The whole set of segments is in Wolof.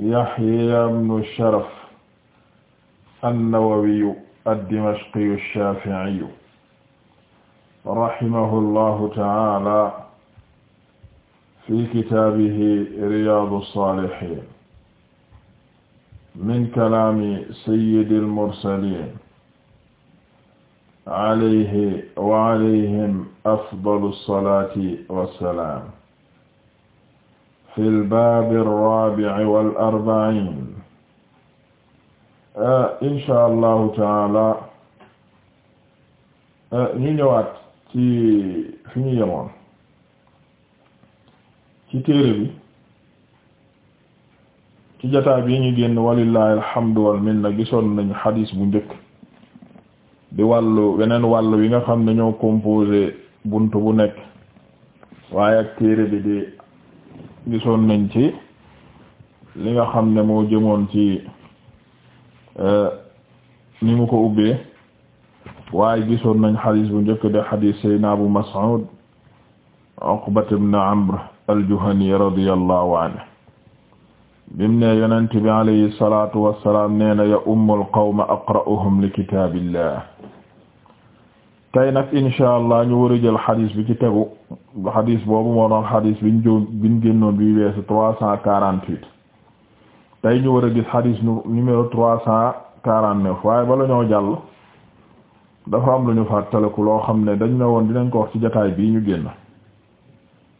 yahya ibnu sharaf annawawiyu addimashqiyu shaafi'iyu rahimahu llahu ta'ala fi kitaabihi riyaadu saalihiin min kalaami sayyidil mursaliin alayhi wa alayhim afdalu salaati wa salaam fi lbaabi rraabi'i wal arba'iin eh, insha allahu taala eh, ñu ñëwaat ci fi ñu yemoon ci téere bi ci jataa bi ñu génn walillahi alhamdu wal gisoon nañ xadiis bu njëkk di wàllu weneen wàll wi nga xam ne ñoo composé bunt bu nekk waaye ak téere bi di gisoon nañ ci li nga xam ne moo jëmoon ci e, ni mu ko ubbee waaye gisoon nañ xadis bu njëkk de xadis sayna Abu Mas'ud Uqbat ibn Amr al-Juhani radiyallahu anhu bim ne yonent bi alayhi salatu wassalam nee na ya ummul qawma aqra'uhum li kitaabillah tey nag inshaa Allah ñu war a jël xadis bi ci tegu xadis boobu moo doon xadis biñ jo biñ génnoon bi weesu trois cent quarante huit tey ñu war a gis xadis numéro trois cent quarante neuf waaye bala ñoo jàll dafa am lu ñu fàttaliku loo xam ne dañu ne woon dinañ ko wax ci jotaay bii ñu génn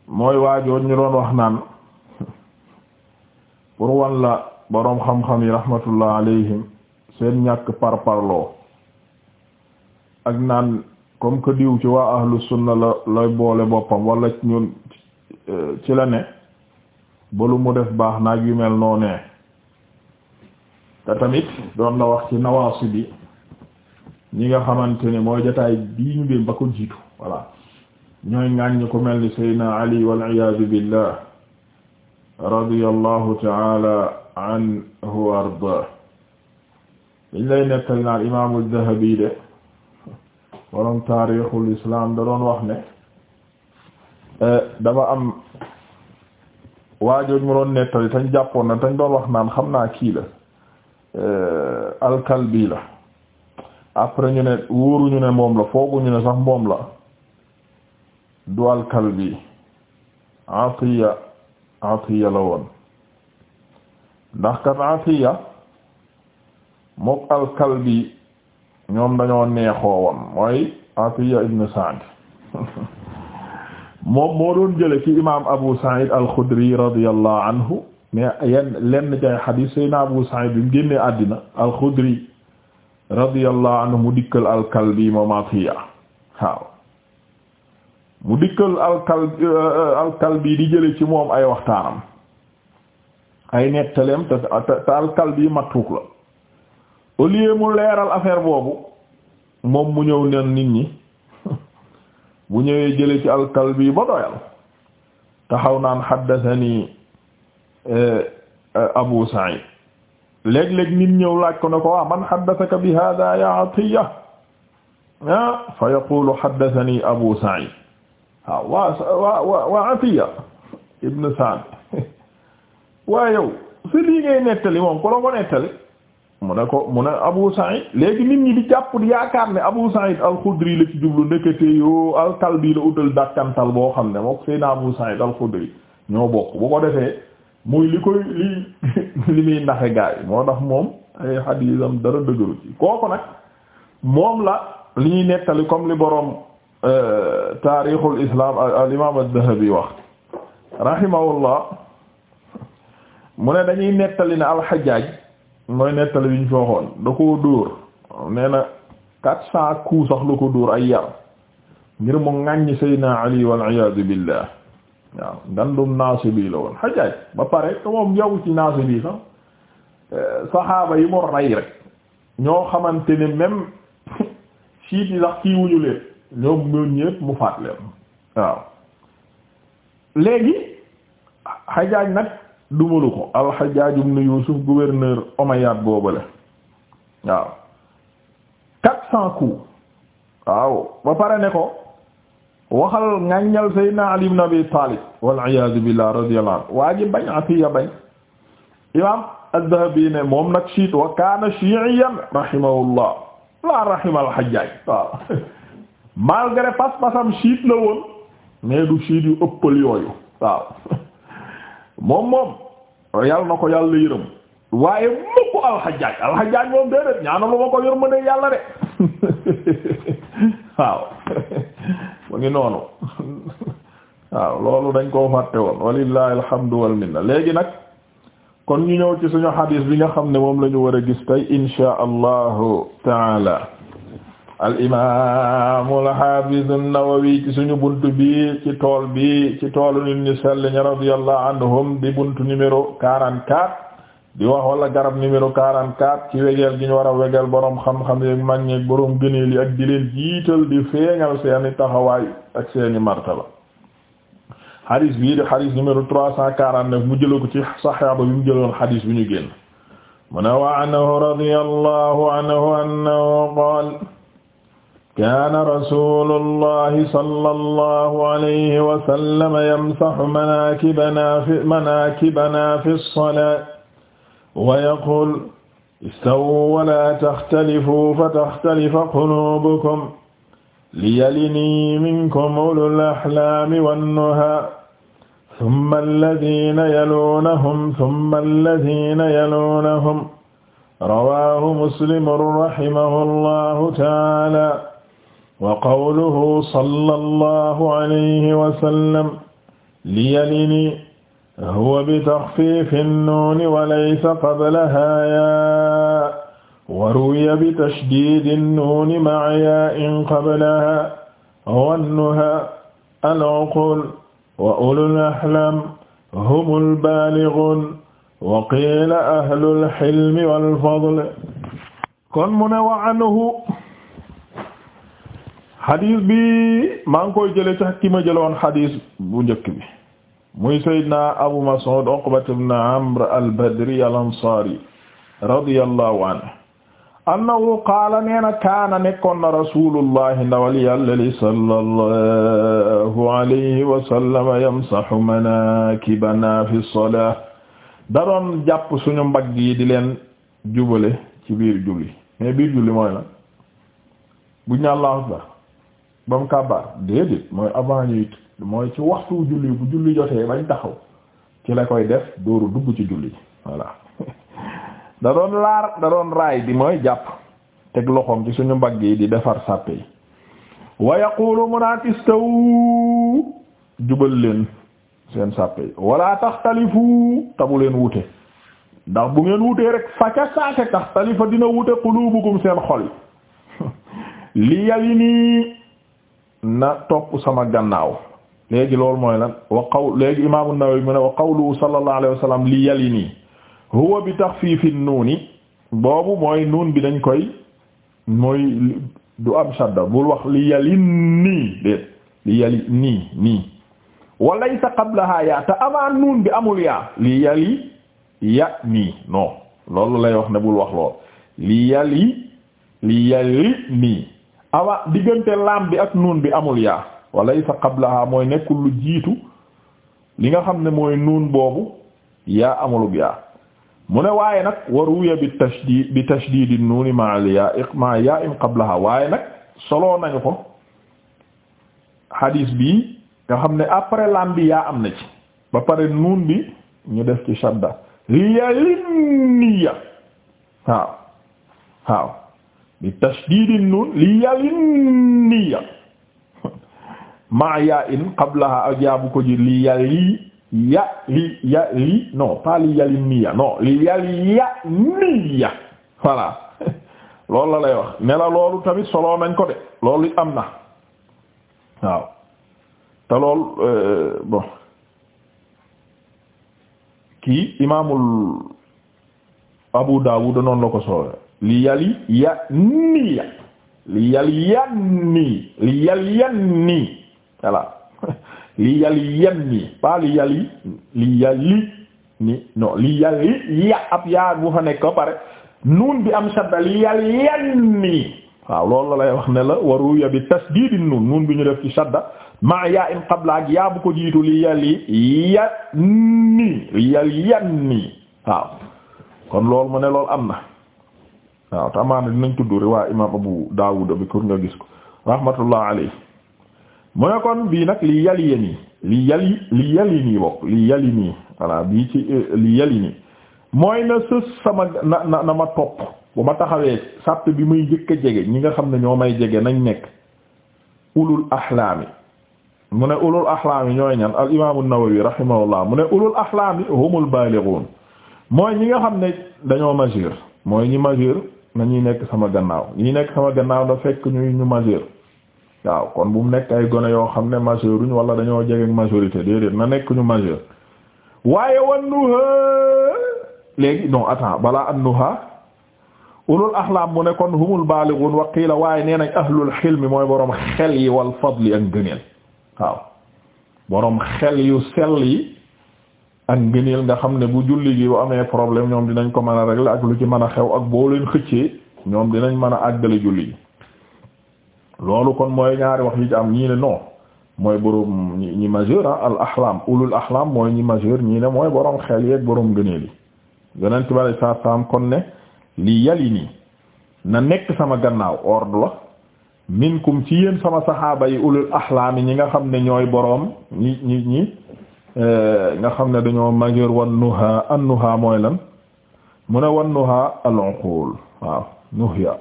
mooy waajoon ñu doon wax naan pour wan la boroom xam-xam yi rahmatullah alayhim seen ñàkk parparloo ak naan comme que diw ci waa ahlu sunna la lay boole boppam wala ñun ci la ne ba mu def baax naag yu mel noo ne te tamit doon la wax ci nawaasu bi ñi nga xamante ni mooy jotaay bii ñu bi ba ko jiitu voilà ñooy ŋàññ ko mel ni Seydina Ali wal iyaadu billah radiyallahu ta'ala anhu wa arda liñ lay nettali naan imaamul Dhahabi de borom taarixul islam da doon wax ne eh, dafa am waajooj mu doon nettali tañ jàppoon na tañ doon wax naan xam naa kii la eh, alkalbi la après ñu ne ñu ne moom la fooguñu ne sax moom la du alkalbi atiya atiya la woon ndax kat atiya mook alkalbi ñoom dañoo neexoo woon mooy Atiya ibn Sa'd moom moo doon jële ci imaam Abu Sa'id al-Khudri radiyallahu anhu mais yenn lenn jaay xadiis sayna Abu Sa'id bi mu génnee àddina al-Khudri radiyallahu anhu mu dikkal al-Kalbi moom Atiya waaw mu dikkal euh, al-Kalbi di jële ci moom ay waxtaanam ay nettaleem te te al-Kalbi matruk la au lieu mu leeral affaire boobu moom mu ñëw nen nit ñi bu ñëwee jële ci al-Kalbi ba doyal taxaw naan haddathani eh, eh, Abu Sa'id léeg-léeg nit ñëw laaj ko ne ko waa ah, man haddathaka bi hadha ya Atiya ah fa yaqulu haddathani Abu Sa'id waaw waa waa waa Atiya ibn Sa'd waa yow si lii ngay nettali moom ku la ko nettali mu ne ko mu ne Abu Sa'id léegi nit ñi di jàpp di yaakaar ne Abu Sa'id al-Khudri la ci jublu ndekete yoo al la utal dakkantal boo xam ne mook seen Abu Sa'id al-Khudri ñoo bokk bu ko defee muy li koy li li muy naxe gaa yi moo tax moom ay xadiisam dara dëgëru ci kooku nag moom la li ñuy nettali comme li boroom euh, taarixul islam al imaam ad-Dahabi wax rahimahullah mu ne dañuy nettali ne al-Hajjaj mooy nettali bi ñu fi waxoon da koo dóor nee na quatre cent coups sax la ko dóor ay yar ngir mu ŋàññ Seydina Ali wal iyaadu billah waaw ngandum naasi bii la woon xajaaj ba pare moom yow ci naasi bii sax eh, saxaaba yi mu rey rek ñoo xamante ne même siit yi sax kii leen ñoom ñoom ñépp mu faat leen waaw léegi xajaaj nag dumalu ko al-Hajjaj ibn Yusuf gouverneur omeyyade boobale waaw quatre cent coups waaw ba pare ne ko waxal ngaññal Seydina Ali ibn Abi Talib wal iyaazu billah radiyallahu anhu waa ji bañ Atiya bañ imam az ne moom nag chiite wa kaana shi'iyyan rahimahullah la rahima al waaw malgré pas-pasam chiite la woon mais du chiite yu ëppal yooyu waaw moom moom yàlla na ko yàlla yërëm waaye mukk alxajaaj alxajaaj moom déedéet ñaanalu ma ko yërmande yàlla de waaw mu ngi noonu waaw loolu dañ ko fàtte woon walillahi alhamdu wal minna léegi nag kon ñu ñëw ci suñu xadiis bi nga xam ne moom lañu war a gis tey insha allahu taala al imaam al ci suñu buntu bi ci tool bi ci toolu nit ñu sell ñi radiyallahu anhum di buntu numéro 44 di wax wala garab numéro 44 ci wegeel gi ñu war a wegeel borom xam-xam yeeg mag ñeeg boroom gëneel yi ak di leen jiital di feeñal seeni taxawaay ak seeni martaba xadis bii di xadis numéro 349 mu jëla ko ci saxaaba bi mu jëloon xadis bi ñu génn mu ne wa anhu radiyallahu anhu annahu qaala kaana rasuulullahi sallallahu alayhi wa sallam yamsahu manaakibanaa fi manaakibanaa fi salaati wa yaquulu istawuu wa laa taxtalifuu fataxtalifa quluubukum liyalinii minkum ulul ahlaami wannuhaa summa allaziina yaluunahum summa allaziina yaluunahum rawaahu muslimun rahimahullaahu ta'aalaa wa qawluhu sallallahu alayhi wa sallam liyalini huwa bitaxfiifi nuuni wa laysa qablahaa yaa wa ruwiya bitashdiidi nuuni ma'a yaa'in qablahaa wannuhaa al-uqul wa ulul ahlaam humul baalighun wa qiila ahlul hilmi wal fadli kon mu ne wa anhu xadis bi maa ngi koy jëlee ci ki ma jëloon xadis bu njëkk bi muy sayyidina Abu Mas'ud Uqbat ibn Amr al-Badri al-Ansari radiyallahu anhu annahu qaala neena kaana nekkoon na rasulullahi ndawal yàlla li sallallahu alayhi wa sallam yamsahu manakibana fi salah da doon jàpp suñu mbagg yi di leen jubale ci biir julli mais biir julli mooy la buñ ne Allahu akbar ba mu kàbbaar déedéet mooy avant ñuy mooy ci waxtu julli bu julli jotee bañ taxaw ci la koy def dóoru dugg ci julli voilà da doon laar da doon raay bi mooy jàpp teg loxoom ci suñu mbagg yi di defar sàppe yi wa yaqulu mu naan istawu jubal leen seen sàppe yi wala taxtalifu tabu leen wute ndax bu ngeen wutee rek faca saake taxtalifa dina wute qulubukum seen xol yi li yali nii na topp sama gannaaw léegi lool mooy lan wa qaw léegi imaam an-Nawawi mu ne wa qawluhu sallallahu alayhi wa sallam bi taxfiifi nuuni boobu bi dañ koy mooy du am shadda bul wax li yalini nii nii wa laysa qablaha yaa te avant bi amul ya li yali ya nii non loolu lay wax ne bul wax lool li yali li awa diggante laam bi ak nuun bi amul yaa walaysa qablaha mooy nekkul lu jiitu li nga xam ne mooy nuun boobu yaa amulub yaa mu ne waaye nag waruya bi tashdid bi tashdid nuuni ma al yaa ma yaa in qablaha waaye nag solo nañu ko hadis bi nga xam ne après laam bi yaa am na ci ba pare nuun bi ñu def ci shadda li ya linniya waaw waaw bi tashdiidi nun li yalin maa yaa in qablaha ak ko ji li yali ya li ya li non la lay wax ne la loolu tamit soloo nañ de loolu am na waaw te lool euh, bon imaamul Abu Dawud noonu la ko li yali ya nii ya li yali yan nii li yali yan nii voilà li yali yan nii ya bu fa nekk ba pare bi am shadda li yali yan nii waaw loolu la lay wax ne la waru ya bi tasdiidin nuun nuun bi ñu def ci shadda maa yaa in qabla yaa bu ko jiitu li yali yan nii li yali yan nii waaw kon loolu mu ne am na waaw te amaana dinañ tudd riwaa imaam Abu Daawud bi kur nga gis ko rahmatullah alayhi mu ne kon bii nag li yali nii li yali li yali nii bokk li yali nii voilà bii ci eh, li yali mooy na sës sama na na ma topp bu ma taxawee sàpp bi muy njëkk jege ñi nga xam ne ñoo may jege nañ nekk ulul ahlaami mu ne ulul ahlaami ñooy ñan al imaamu nawawi rahimahullah mu ne ulul ahlaami humul baalighun mooy ñi nga xam ne dañoo majeur mooy ñi majeur na ñuy nekk sama gannaaw ñi nekk sama gannaaw da fekk ñuy ñu majeur waaw kon bu mu nekk ay gone yoo xam ne majeuruñ wala dañoo jege majorité déedéet na nekk ñu majeur waaye wan nuha léegi non attends balaa an nuha ulul axlaam mu ne kon humul baaliguun wa waaye nee nañ ahlul xilmi mooy boroom xel yi wal fadli ak ngëneel waaw boroom xel yu sell yi ak ngëneel nga xam ne bu julli gi bu amee problème ñoom dinañ ko mën a régler ak lu ci mën a xew ak boo leen xëccee ñoom dinañ mën a àggale julli gi loolu kon mooy ñaari wax yi ci am ñii ne non mooy boroom ñi majeur ah al ahlam ulul ahlam mooy ñi majeur ñii ne mooy boroom xel yeeg boroom ngëneel yi yonent bi alei saatu kon ne li yali nii na nekk sama gannaaw ordre la minkum ci yéen sama saxaaba yi ulul ahlaam yi ñi nga xam ne ñooy boroom ñi ñi ñi Euh, nga xam ne dañoo majeur wan nuha an nuha mooy lan mu ne wan nuha al uqul waaw nuhya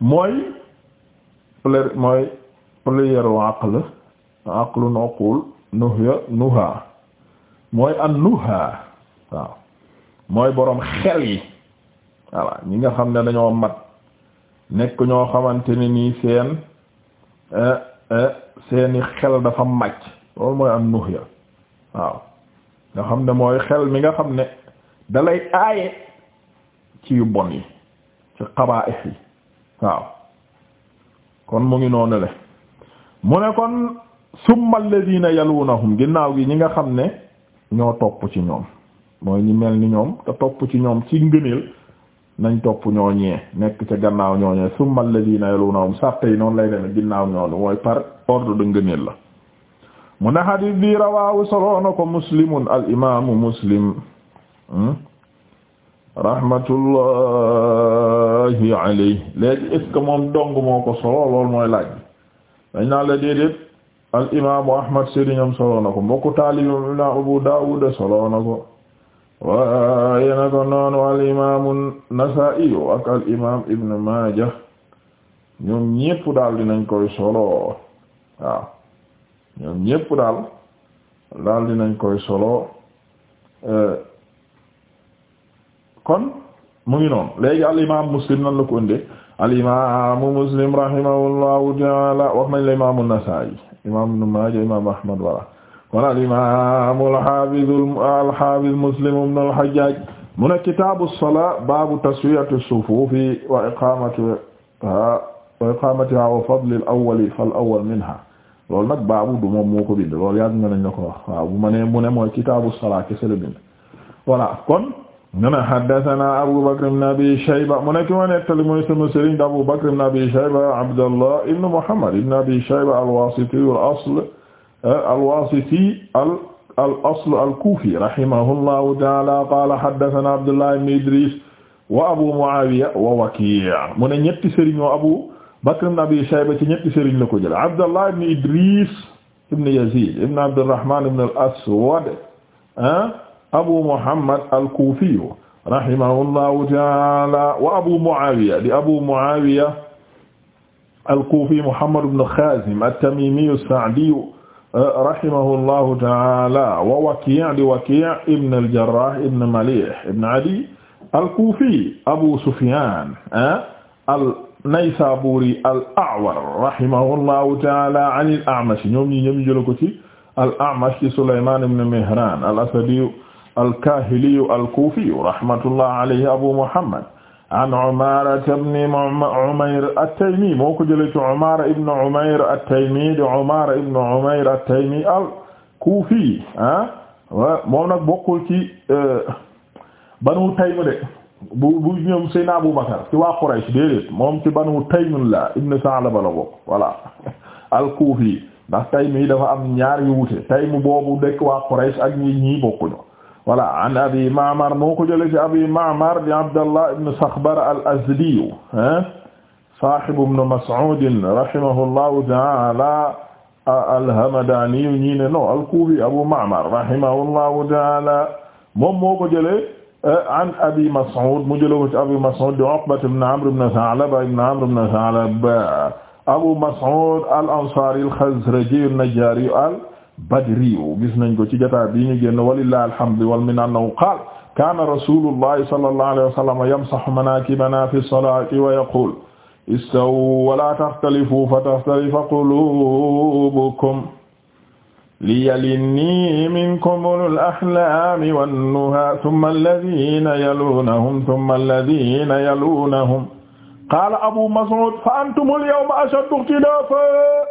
mooy pluriel mooy pluriel u aql aqlun uqul nuhya nuha mooy an nuha waaw mooy boroom xel yi voilà ñi nga xam ne dañoo mat nekk ñoo xamante ne nii seen eh, eh, seeni xel dafa màcc loolu mooy an nuhya waaw nga xam ne mooy xel mi nga xam ne dalay aaye ci yu bon yi ci xabaa'is yi waaw kon mu ngi noonu le mu ne kon summa alladhina yalunahum ginnaaw yi ñi nga xam ne ñoo topp ci ñoom mooy ñi mel ni ñoom te topp ci ñoom ci ngëneel nañ topp ñooñee nekk ca gannaaw ñooñee summa alladhina yalunahum sàppe yi noonu lay deme ginnaaw ñoonu mooy par ordre de ngëneel la mu ne xadis bi rawaahu soloona ko muslimun al imaamu muslim hmm? rahmatullahi alayhi léegi est moom dong moo ko solo loolu mooy laaj dañ naa la déedéet al imaamu ahmad sëriñam soloona ko mbokku taalibam na abu daawud soloona ko waaye ko noonu al imaamu nasaa'i ak al ibn maaja ñoom ñépp daal dinañ koy solo ñoom ñépp daal daal dinañ koy solo euh, kon mu ngi noonu léegi al imam muslim nan la ko ënde al imamu muslim rahimahullahu taala wax nañ la imamu nasaa'i imam ibn maaja imam ahmad wala kon al imam al hafiz al hafiz muslim ibn al hajjaj mu ne kitaabu salaa baabu taswiyati sufuufi wa iqaamatiha wa iqaamatiha wa fadli al awwali fal awwal minha loolu nag baabu du moom moo ko bind loolu yàgg nga nañ la ko wax waaw bu ma nee mu ne mooy kitaabu salaa kese la bind voilà kon mu ne haddathana Abu Bakr ibn Abi Shayba mu ne ki ma nettali mooy sama sëriñ di Abu Bakr ibn Abi Shayba Abdallah ibn Muhammad ibn Abi Shayba al-Wasiti al-asl eh, al-Wasiti al al-asl al-Kufi rahimahullahu ta'ala qala haddathana Abdullah ibn Idris wa Abu Muawiya wa Waki' mu ne ñetti sëriñoo Abu Bakr ibn Abi Shayba ci ñetti sëriñ la ko jël Abdallah ibn Idris ibn Yazid ibn Abdurrahman ibn al-Aswad ah, Abu Muhammad al-Kufi rahimahullahu ta'ala wa Abu Muawiya di Abu Muawiya al-Kufi Muhammad ibn Khazim at-Tamimi as-Sa'di ah, rahimahullahu ta'ala wa Waki' di Waki' ibn al-Jarrah ibn Malih ibn Adi al-Kufi Abu Sufyan ah, al an-Naysaburi al-A'war rahimahullahu ta'ala an al-A'mash ñoom ñi ñoom ñu jël ko ci al-A'mash ci Sulayman ibn Mihran al-Asadi al-Kahili al-Kufi rahmatullah alayhi Abu Muhammad an Umara ibn Umayr at-Taymi moo ko jëlee ci Umara ibn Umayr at-Taymi di Umara ibn Umayr at-Taymi al-Kufi ah moom nag bokkul ci euh, Banu Taym de bu bu ñoom Seyna Abu Bakar ci waa Quraysh déedéet moom ci banu Taymullah ibn Sa'laba la bokk voilà al-Kufi ndax Taym yi dafa am ñaar yu wute Taym boobu dëkk waa Quraysh ak ñi ñii an Abi Ma'mar moo ko jëlee ci Abi Ma'mar di Abdallah ibn Sakhbar al-Azdi ah sahibu ibn Mas'ud rahimahullahu ta'ala al-Hamadani ñii Abu Ma'mar rahimahullahu ta'ala moom moo ko jëlee Euh, an abi Mas'ud mu jëlee ko ci abi Mas'ud di Uqbata ibn Amr ibn Tha'laba ibn Amr ibn Tha'laba Abu Mas'ud al-Ansari al-Khazraji an-Najjari al-Badri gis nañ ko ci jotaay bi ñu génn walillahi alhamdu wal minna annahu qaala kaana rasuulullahi sallallahu alayhi wa sallam yamsahu manaakibana fi salaati wa yaqulu istawu wa laa taxtalifu fa taxtalifa quluubukum liyalinni minkum ulul ahlaami wannuhaa summa allaziina yaluunahum summa allaziina yaluunahum qaala abu mas'uud fa antumul yawma ashaddu ikhtilaafan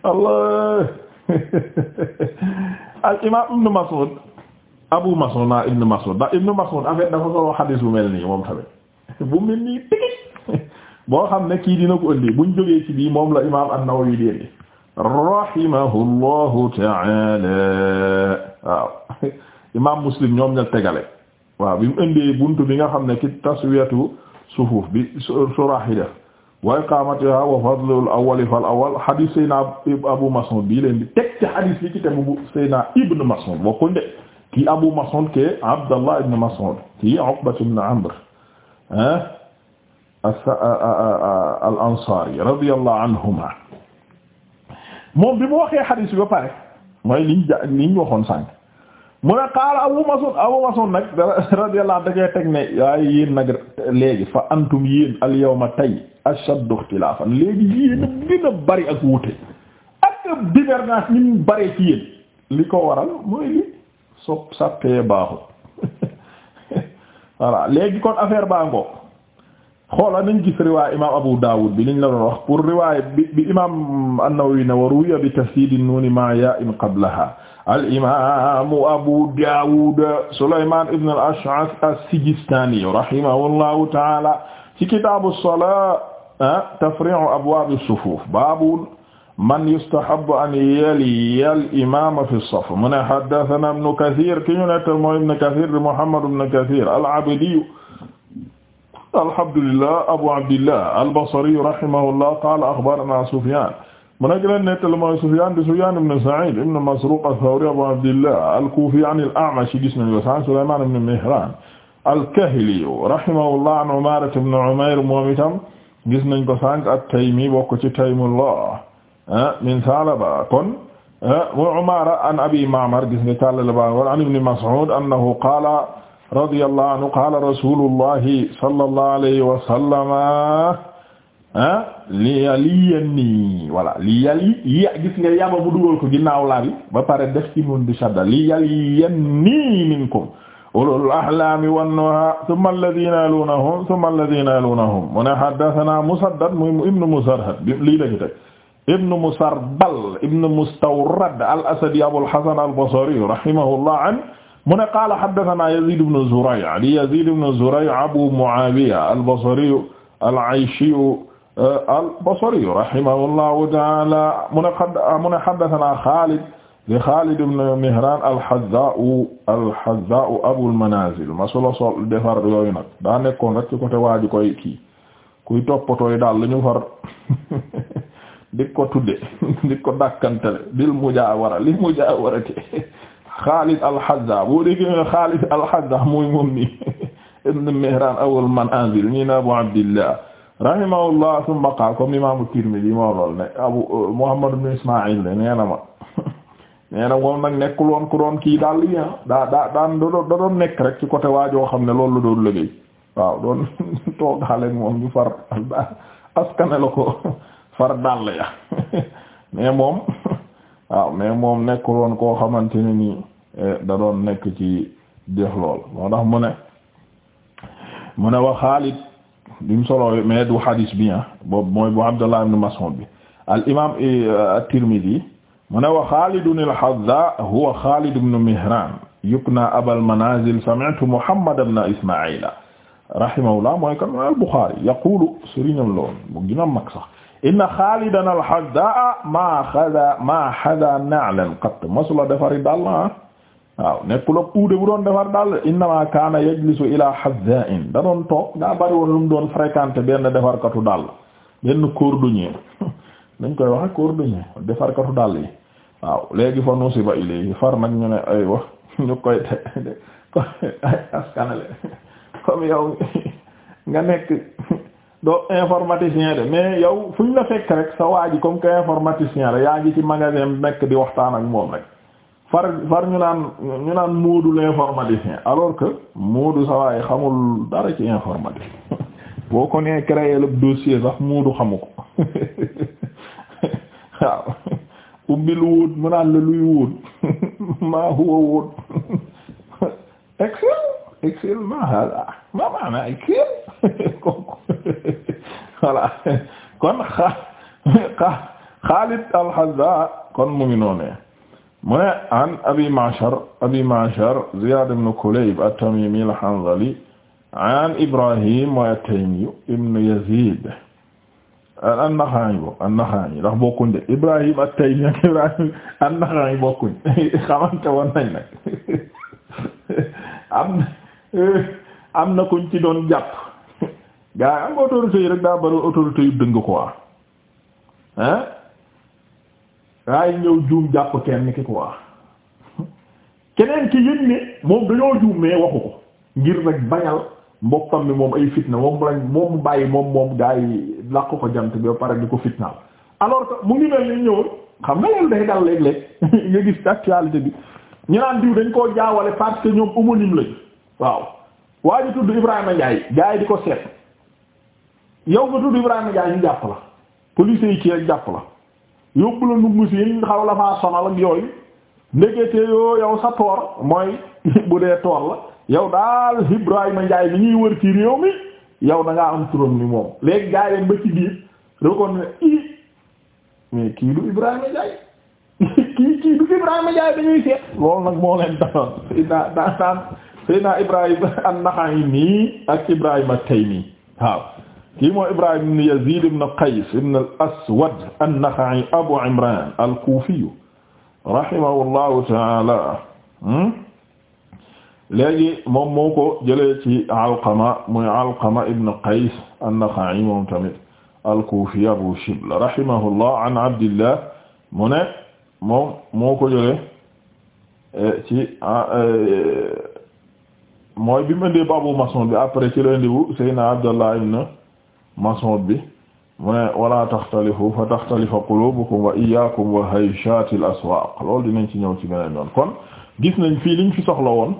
allah al imaam ibnu mas'uud abu mas'uud naa ibnu mas'uud ndax ibnu mas'uud en fait dafa solo xadiis bu mel nii moom tamit bu mel nii boo xam ne kii dina ko ëndi buñ jógee ci bii moom la imaam an-Nawawi rahimahullahu ta'ala waaw imam muslim ñoom ña tegale waaw bi mu indee buntu bi nga xam ne ci taswiyatu sufuuf bi surah yi def wa iqamatiha wa fadlul awwal fal awwal hadith sayna abu mas'ud bii leen di teg ci hadith bi ci tegu bu sayna ibn mas'ud bokkuñ de kii abu mas'ud ke abdallah ibn mas'ud kii uqba ibn amr ah? al ansari radiyallahu anhuma moom bi mu waxee xadiis bi ba pare mooy liñ ja liñ waxoon sànq mu ne qaala Abu Mas'ud Abu Mas'ud nag radiyallahu da koy teg ne waaye yéen nag léegi fa antum yéen al yawma tey ashaddu ikhtilaafan léegi yéen dina bari ak wuute ak divergence ni mu baree ci yéen li ko waral mooy li sopp sàppee baaxut voilà léegi kon affaire baa ngoo xoola nañ gis riwaay imaam Abu Dawud bi liñ la doon wax pour riwaay bi bi imaam An-Nawawi ne wa ruwiya bi tasdiidi nuuni ma'a yaa'in qablahaa al-imaamu Abu Dawud Sulaymaan ibn al-Ash'ath as-Sijistaani rahimahullahu ta'aala ci kitaabu as-salaat ah, tafrii'u abwaab as-sufuuf baabu man yustahabbu an yaliya al-imaama fi as-saf mu ne haddathanaa Ibn Kathiir ki ñu nettal mooy Ibn Kathiir Muhammad ibn Kathiir al-Abdi alhamdulillah abu abdillah al-Basri rahimahullah qaala axbaranaa Sufyaan mu nekk leen nettali mooy Sufyaan di Sufyaan ibn Sa'iid ibn Masruuq ath-Thawri abu abdillah al-Kuufi an al-A'mash gis nañu ko Sulaymaan ibn Mihraan al-Kahili rahimahullah an Umaara ibn Umayr moom itam gis nañ ko sànq at-Taymi bokk ci Taymullah ah, min Saalaba kon ah, mu Umaara an Abi Ma'mar gis nga càllale ba an Ibn Mas'uud annahu qaala radiyallahu anhu qaala rasulullahi sallallahu alayhi wa sallama ah li yaliyanni voilà li yali ya gis nga yaba bu dugal ko ginnaaw laa bi ba pare def ci nun di shadda li yaliyanni minkum ulul ahlaami wannuha thumma alladhina yalunahum thumma alladhina yalunahum mu ne haddathana musaddad mu ibnu musarhad lii la ci teg ibnu musarbal ibnu mustawrad al asadi abul hasan al basri rahimahullah an mu ne qaala haddasanaa Yaziid ibn Zuray' li Yaziid ibn Zuray' Abu Mu'aawiya al-Basri al-Ayshi eh, al-Basri rahimahullahu ta'aala mu ne mu ne haddasanaa Xaalid di Xaalid ibn Mihraan al-Hazzaa'u al-Hazzaa'u Abul Manaazil ma solo sol defar yooyu nag daa nekkoon rek ci côté waaju koy kii kuy toppatooy daal la ñu far di ko tudde di ko dàkkantele bil mujaawara li mujaawara Xaalid al-Hazza boo déggee Xaalid al-Hazza muy moom ni ibn Mihran awwal man anzil ñii na Abu Abdillah rahimahullah thumma qaala comme Imam Tirmidhi moo lool ne Abu Muhammad ibn Isma'il ne nee na ma nee na moom nag nekk woon ku doon kii daal lii ah daa daa daan nekk rek ci côté waajoo xam ne loolu la doon liggéey waaw doon toogaale moom ñu far askane la ko far dàll ya mais moom waaw mais moom nekkul woon koo xamante ne nii. E, da doon nekk ci def lool moo tax mu ne mu ne wa Xaalid bi mu solo mais du hadis bi ah, boobu mooy bu Abdullah ibn Mas'ud bi al imaam at-Tirmidhi mu ne wa Xaalidun al-Hadhdha huwa Xaalid ibn Mihran yukna Abal Manazil sami'tu Muhammad ibn Isma'ila rahimahullah mooy kan al-Bukhari yaqulu sëriñam lool mu gën a mag sax inna Xaalidan al-Hadhdha maa xada maa xada na'lan qatt masula defari dàll ah. waaw nekkul ak uude bu doon defar daal innama kaana yajlisu ila hazza'in da doon toog daa bari woon lu mu doon fréquenter benn defarkatu daal benn cordonnier dañ koy wax cordonnier defarkatu daal yi waaw léegi fa nusiba ilayhi far nag ñu ne ay wax ñu koy te askanale comme yow nga nekk doo informaticien de mais yow fu ñu la fekk rek sa waa ji comme que informaticien la yaa ngi ci magasin nekk di waxtaan ak moom rek far far ñu naan ñu naan Moodu l'informaticien alors que Moodu sawaay xamul dara ci informatique boo ko nee créer le dossier sax Moodu xamu ko waaw ubbil wóot mu naan la luy wóot maa huwa wóot Excel Excel maa hada maa maana Excel kooku voilà kon xa xa Xaalid al-Hazza kon mu ngi noonee mu ne an abi ma'shar abi ma'shar ziyad ibn kulayb at-tamimi al-hanzali an ibrahim wa at-taymi ibn yazid an-naxa'i bo bokkuñ de ibrahim at-taymi ak ibrahim an-naxa'i bokkuñ xamante woon nañ nag na kuñ ci doon jàpp gaa yi am autorité yi rek daa bari autorité yu dëng quoi waaye ñëw juum jàpp kenn ki quoi keneen ki yëg ne moom dañoo juum mais waxu ko ngir rek bañal mbokkam mi moom ay fitna moom mu bàyyi moom moom gaa yi làq ko jant bi ba pare di ko fitnaal alors que mu ngi mel ni ñëw xam nga loolu day dal léeg-léeg nga gis actualité bi ñu naan diw dañ koo jaawale parce que ñoom homonyme lañ waaw waa ñu tudd Ibrahima Ndiaye gaa yi di ko seet yow nga tudd a Ndiaye ñu jàpp la police yi ci jàpp la. yóbbu la ndugg siin xaw la faa sonal ak yooyu ndekete yoo yow sa toor mooy bu dee toor la yow daal Ibrahima Ndiaye mi ñuy wër ci réew mi yow da ngaa am turam ni moom léegi gaa yi ba ci biir rekoon ne i mais kii du Ibrahima Ndiaye kii kii du seet loolu nag moo leen daloon Seydina daan daan Seydina Ibrahima an-Naxa'i nii ak Ibrahima Taymi waaw kii moo Ibrahim ibn Yazid ibn Qays ibn al-Aswad an-Nakha'i Abu Imran al-Kufi rahimahullahu ta'ala hmm? léegi moom moo ko jëlee ci Alqama muy Alqama ibn Qays an-Nakha'i moom tamit al-Kufi Abu Shibl rahimahullah an Abdillah mu ne moom moo ko jëlee eh, ci ah, eh, mooy bi mu indee Abu Mas'ud bi après ci la indiwu Sayyidina Abdullah ibn Mas'ud bi mu ne wala taxtalifu fa taxtalifa qulubukum wa iyyakum wa hayshatil aswaq loolu dinañ ci ñëw ci beneen yoon kon gis nañ fii li ñu fi soxla woon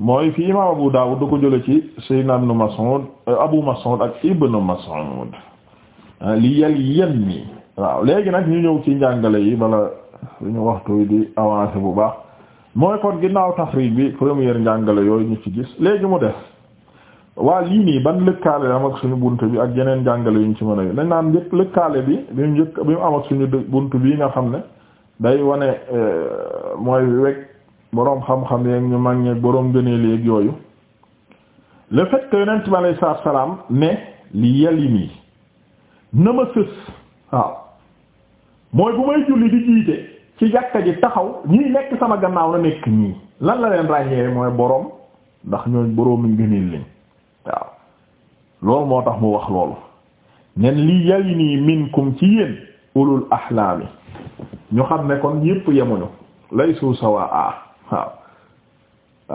mooy fii imam Abu Dawud du ko jële ci Sayyidina Ibn Mas'ud Abu Mas'ud ak Ibn Mas'ud ah, li yal yen nii waaw léegi nag ñu ñëw ci njàngale yi bala suñu waxtu wi di avancé bu baax mooy kon ginnaaw taxriij bi première njàngale yooyu ñu ci gis léegi mu def waa lii nii ban lëkkaale am ak suñu bunt bi ak yeneen jàngale yuñ ci mën a dañ naan njëkk lëkkaale bi bi mu njëkk bi mu am ak suñu bunt bii nga xam ne day wane euh, mooy wekk boroom xam-xam yeeg ñu mag ñeeg boroom gëneel yeeg yooyu le fait que yonent nii na ma sës ci jàkka ji taxaw ñiy nekk sama mooy boroom ndax ñooñ boroomi waaw loolu moo tax mu wax loolu ñen li yali nii minkum ci yéen ulul ahlaami ñu xam ne kon yépp yemuñu laysu sawaa waaw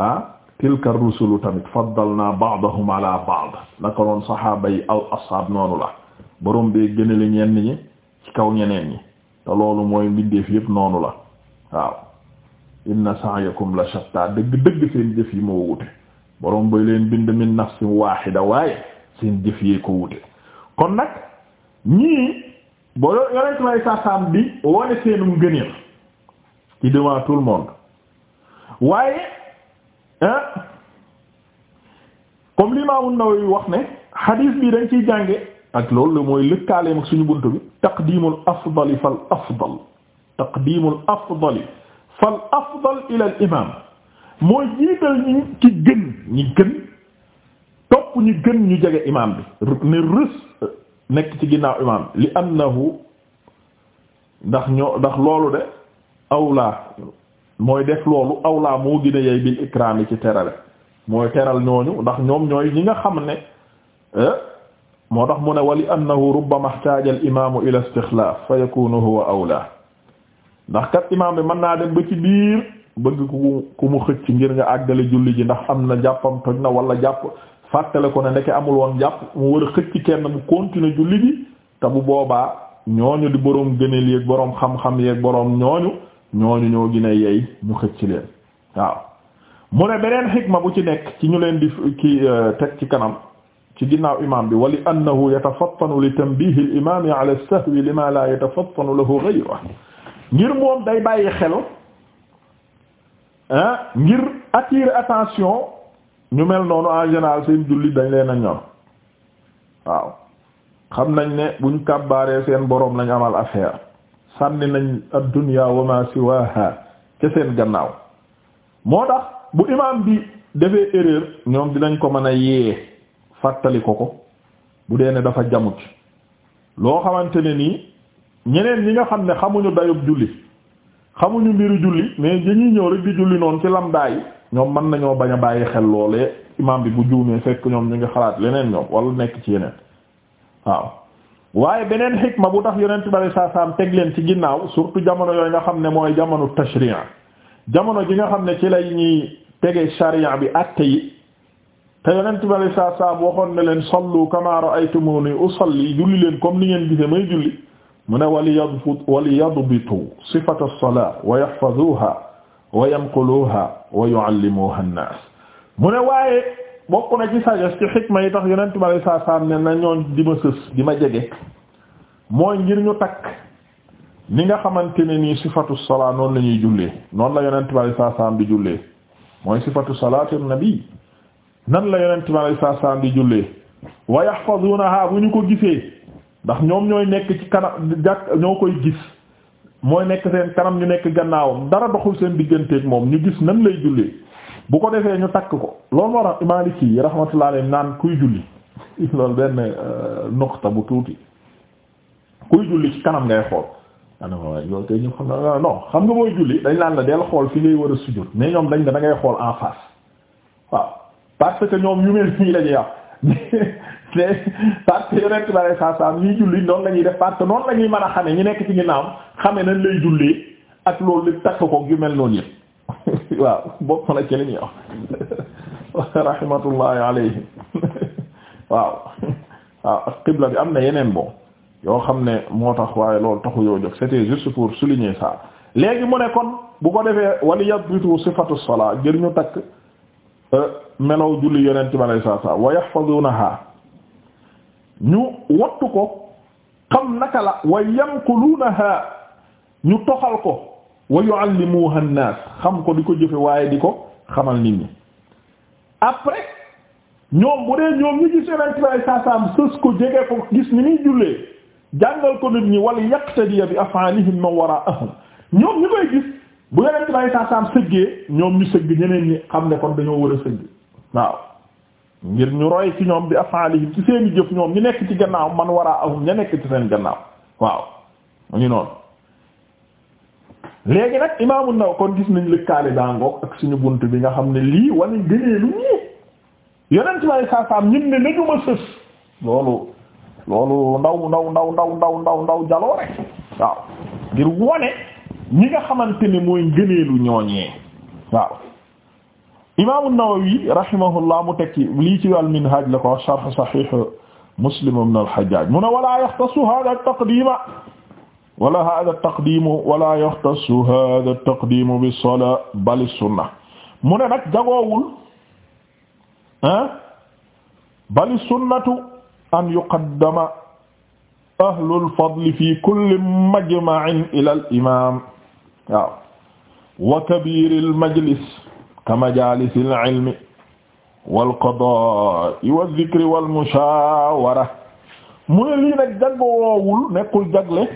ah tilka rusulu tamit faddalna ba'dahum ala ba'd naka noon saxaaba yi aw ashaab noonu la borom bee gënale ñenn ñi ci kaw ñeneen ñi te loolu mooy mbindeef yépp noonu la waaw inna sa'yakum la shatta dëgg dëgg seen jëf yi moo wute borom booy leen bind min nafsin waahida waaye seen jëf yee ko wute kon nag ñii boo yonent may saasaam bi wone seenum ngëneel ci devant tout le monde waaye ah, comme l'imam an-Nawawi wax ne hadith bi dañ ciy jànge ak loolu la mooy lëkkaaleem ak suñu buntu bi taqdimul afdali fal afdal taqdimul afdali fal afdal ila al imam mooy jiital ñi ci gën ñi gën topp ñi gën ñu jege imaam bi ne rës euh, nekk ci ginnaaw imaam bi li annahu ndax ñoo ndax loolu de awlaa mooy def loolu awlaa moo gën a yey bil ikraam yi ci terale mooy teral ñooñu ndax ñoom ñooy ñi nga xam ne euh, moo tax mu ne wali annahu rubbama ihtaja al imaamu ila istixlaaf fa yakunu huwa awlaa ndax kat imaam bi mën naa dem ba ci biir bëgg ku ku mu xëcc ngir nga àggale julli ji ndax am na jàppam toj na wala jàpp fàttale ko ne ndeke amul woon jàpp mu war a xëcc kenn mu continuer julli ji te bu boobaa ñooñu di boroom gëneel yeeg boroom xam-xam yeeg boroom ñooñu ñooñu ñoo gën a yey ñu xëcc leen waaw mu ne beneen xikma bu ci nekk ci ñu leen di ki euh, teg ci kanam ci ginnaaw imam bi wali annahu yatafattanu li tanbihi al imami ala as-sahwi lima la yatafattanu lahu ghayruhu ngir moom day bàyyi xel ngir attirer attention ñu mel noonu en général seen jullit dañ leen a ñor waaw xam nañ ne buñ kàbbaaree seen boroom lañu amal affaire sànni nañ ad-dunya wa ma siwaha ca seen gannaaw moo tax bu imaam bi defee erreur ñoom dinañ ko mën a yee fàttali ko ko bu dee ne dafa jamut loo xamante ne nii ñeneen ñi nga xam ne xamuñu dayub julli xamuñu mbiru julli mais dañuy ñëw rek di julli noonu ci lamdaay yi ñoom mën nañoo bañ a bàyyi xel loole imaam bi bu juumee fekk ñoom ñu ngi xalaat leneen ñoom wala nekk ci yeneen waaw waaye beneen xikma bu tax yonent bari saa teg leen ci ginnaaw surtout jamono yooyu nga xam ne mooy jamono tashri'a jamono ji nga xam ne ci lay ñuy tege sharia bi àtte yi te yonent bari saa saam waxoon ne leen sallu kama ra'aytumuni usalli julli leen comme ni ngeen gisee may julli mu ne waliyadbit waliyadbitu sifata alsolaa wa yaxfaduha wa yanquluha wa yuallimuha annaas mu ne waaye bokk na ci sagesse ci xikma yi tax yonent bi alay saa salaam ne na ñooñ di ma sës di ma jege mooy ngir ñu takk ni nga xamante ne nii sifatu solaa noonu la ñuy jullee noonu la yonent bi alay saa salaam di jullee mooy sifatu salaati nabi nan la yonent bi alay saa salaam di jullee wa yaxfadunaha bu ñu ko gisee ndax ñoom ñooy nekk ci kanam jàkk ñoo koy gis mooy nekk seen kanam ñu nekk gannaawam dara doxul seen digganteeg moom ñu gis nan lay jullee bu ko defee ñu takk ko loolu moo tax Maliki yi rahmatullah alayhi naan kuy julli loolu benn euh, nuqta bu tuuti kuy julli ci kanam ngay xool anaa loolu tey ñu xam xam nga mooy julli dañ naan la deel xool fi ngay war a sujjóot mais ñoom dañ ne da ngay xool en face waaw parce que ñoom yu mel nii la ñuy mais parce que yonent bi alayhi salaam ñuy julli noonu la def parce que noonu la ñuy mën a xamee ñu nekk ci ginnaaw xamee nañ lay jullee ak loolu li takk ko yu mel noonu yëpp waaw bokk na ci li ñuy wax rahmatullahi alayhi waaw am na yeneen bon yoo xam ne moo tax waaye loolu taxu yoo jóg c'était juste pour souligner ça léegi mu ne kon bu ko defee wala yadbitu sifatu salaa jël ñu takk euh, melaw julli yonent bi alayhi salaam wa yahfazunaha ñu wattu ko xam naka la wa yanquluunaha ñu toxal ko wa yuallimuha an-nas xam ko di ko jëfe waaye di ko xamal nit ñi après ñoom bu dee ñoom ñu gis yonent bi saa jàngal ko nit ñi wala yaqtadiya bi af'alihim man wara'ahum ñoom bu yonent bi saa saam sëggee ñoom ñu sëgg ñeneen ñi xam ne kon dañoo war a sëgg waaw ngir ñu roy ci ñoom bi afaalihim ci seeni jëf ñoom ñu nekk ci gannaaw man waraa ahum ña nekk ci seen gannaaw waaw mu ngi noonu léegi nag imaamu Nawawi kon gis nañ lëkkaale daangoog ak suñu bunt bi nga xam ne lii wala gëneelu ñii yonent bi alei saa salaam ne nañu ma sës loolu loolu ndaw ndaw ndaw ndaw ndaw ndaw ndaw jaloore waaw ngir wone ñi nga xamante ne mooy gëneelu ñooñee waaw imaamu Nawawi rahimahullah mu tekki lii ci al-Minhaj la ko sharh Sahih Muslim ibn al-Hajjaj mu ne wala yaxtassu haaza at-taqdiima wala haaza at-taqdiimu wala yaxtassu haaza at-taqdiimu bis-salaa bal as-sunna mu ne nag jagoowul ah bal as-sunnatu an yuqaddama ahlul fadli fi kulli majma'in ila al-imaam waaw wa kabiiril majlis ka majalisi alilmi walqadai waldicri walmushawara mu ne lii nag jaggo woowul nekkul jagle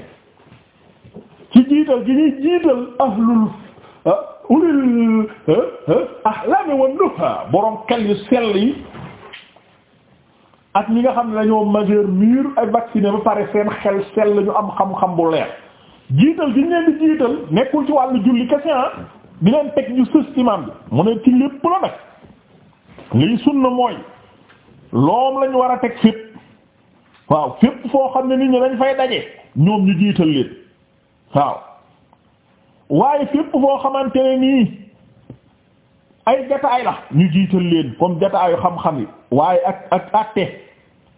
ci jiital gi ñuy jiital ahlul ah, ulil ah, ah, ahlami wa nuha borom xel yu sel yi ak ñi nga xam ne dañoo majeur mûr ay vacciné ba pare seen xel sell ñu am xam-xam bu leer jiital gi ñu leen di jiital nekkul ci wàllu julli kese di leen teg ñu sës imaam bi mu ne ci lépp la nag liy sunna mooy loom lañu war a teg fépp waaw fépp foo xam ne nit ñi dañ fay daje ñoom jiital leen waaw waaye fépp foo nii ay jataay la ñu jiital leen comme jataayu xam-xam yi waaye ak ak àtte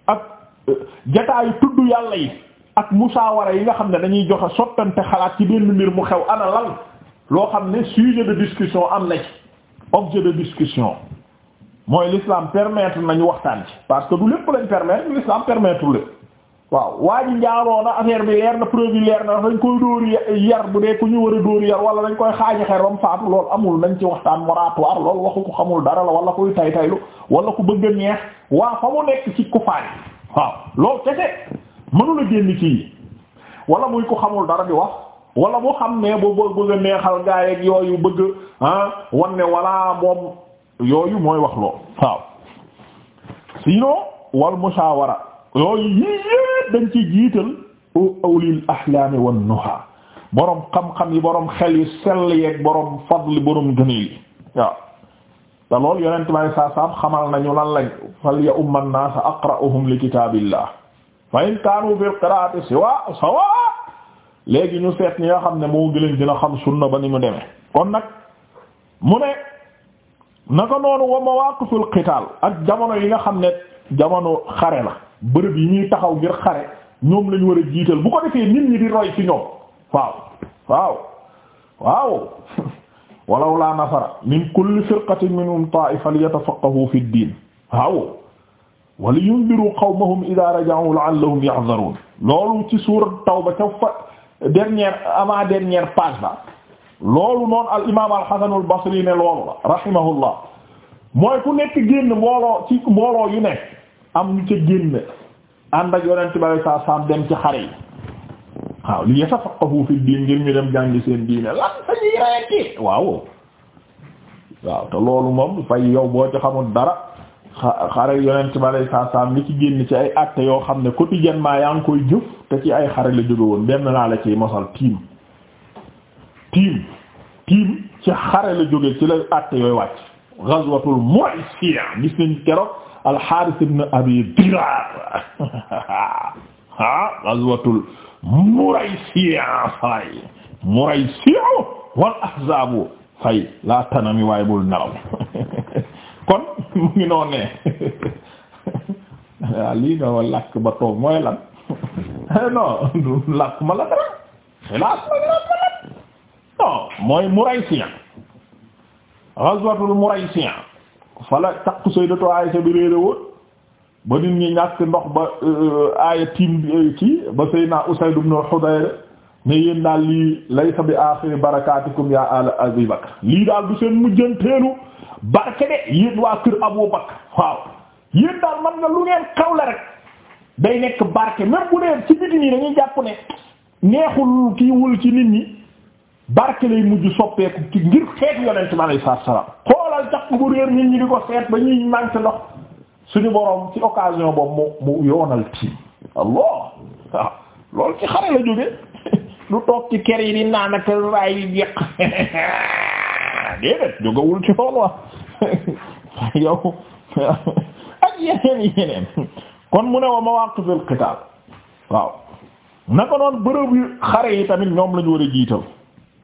ak euh, jataayu tudd yàlla yi ak musaawara yi nga xam ne dañuy joxe sottante xalaat ci benn mbir mu xew ana lan loo xam ne sujet de discussion am na ci objet de discussion mooy lislaam permettre nañu waxtaan ci parce que du lépp lañ permettre l'islam permettre lépp waaw waa ji njaaloo na affaire bi leer na preuve leer na dañ koy dóor yar bu dee ku ñu war a dóor yar wala dañ koy xaañi xeer bam faatu loolu amul nañ ci waxtaan moratoire loolu waxu ko xamul dara la walla kuy tay taylu wala ku bëgg a neex waa fa mu nekk ci ku faay waaw loolu kese mënula génn ci wala muy ko xamul dara bi wax wala boo xam ne bu bëgg a neexal gaa yooyu bëgg ah wan ne wala moom yooyu mooy wax loo waaw sinon wal mushawara yooyu yii dañ ci jiital ulil ahlaami wan nuha boroom xam yi boroom xel yu sell yeeg boroom fadli boroom gëne yi waaw te loolu yonent may saa saam xamal nañu lan lañ fal ya umma an-nas aqra'uhum li kitaabillah fa in kaanu fi qira'ati siwa sawa léegi ñu seet ñi nga xam ne moo gëleen dina xam sunna ba ni mu demee kon nag mu ne naka noonu wa mawaqiful qital ak jamono yi nga xam ne jamono xare la bërëb yi ñuy taxaw ngir xare ñoom lañu war a jiital bu ko defee nit ñi di roy ci ñoom waaw waaw waaw walaw la nafara min kulli firqatin minhum ta'ifa liyatafaqahu fi ddin waaw wa liyundiru qawmahum idha raja'u la'allahum yahdharun loolu ci surat tawba ca fa dernière avant dernière page ba loolu noonu al imaam al xasanul basri ne loolu la rahimahullah mooy ku nekk génn mbooloo ci mbooloo yu nekk am ñu ci génn ànd ak yonent bi saa saam dem ci xare yi waaw li yatafaqahu fi diin ngir ñu dem jàngi seen diine lan dañuy reyati waaw waaw te loolu moom fay yow boo ci xamul dara xa xare yonent bi saa saam li ci génn ci ay actes yoo xam ne quotidiennement yaa ngi koy jëf te ci ay xare la jóge woon benn laa la ciy mosal tiim tiim tiim ci xare la jóge ci la àtte yooyu wàcc ghazwatul mu'siya gis nañ keroog ah, wal ahzaabu fay laa tanami waaye bul nelaw kon mu ngi noonu ne waaw lii nga wa làkk ba toog mooy lan non du làkk ma la dara xilaas ma la dara non mooy Muraysiya ghazwatul Muraysiya fa la takku Sayyidatu Aysa bi réere woon ba nit ñi ñàkk ndox ba euh, aaya tiim euh, ci ba Sayyidina Usayd ibn Hudayr ne yéen daal lii laysa bi aaxiri barakaatikum yaa ala Abi Bakr lii daal du seen mujjanteelu barke de yéen waa kër Abu Bakr waaw yéen daal man nga lu ngeen xawle rek day nekk barke même bu dee ci biti ñi dañuy jàpp ne neexul kii wul ci nit ñi barke lay mujj soppeeku ci ngir xeet yonent bi alayhi salaam xoolal caq bu réer nit ñi di ko seet ba ñuy manqué ndox suñu borom ci occasion boobu mu mu yoonal tiim allah waaw ci xare la jóge lu toog ci ker yi di naan ak raay yi yëq déedéet jógawul ci loolu wax yow ak yeneen yeneen kon mu ne wa mawaqifil qital waaw naka noon bërëb yu xare yi tamit ñoom la ñu war a jiital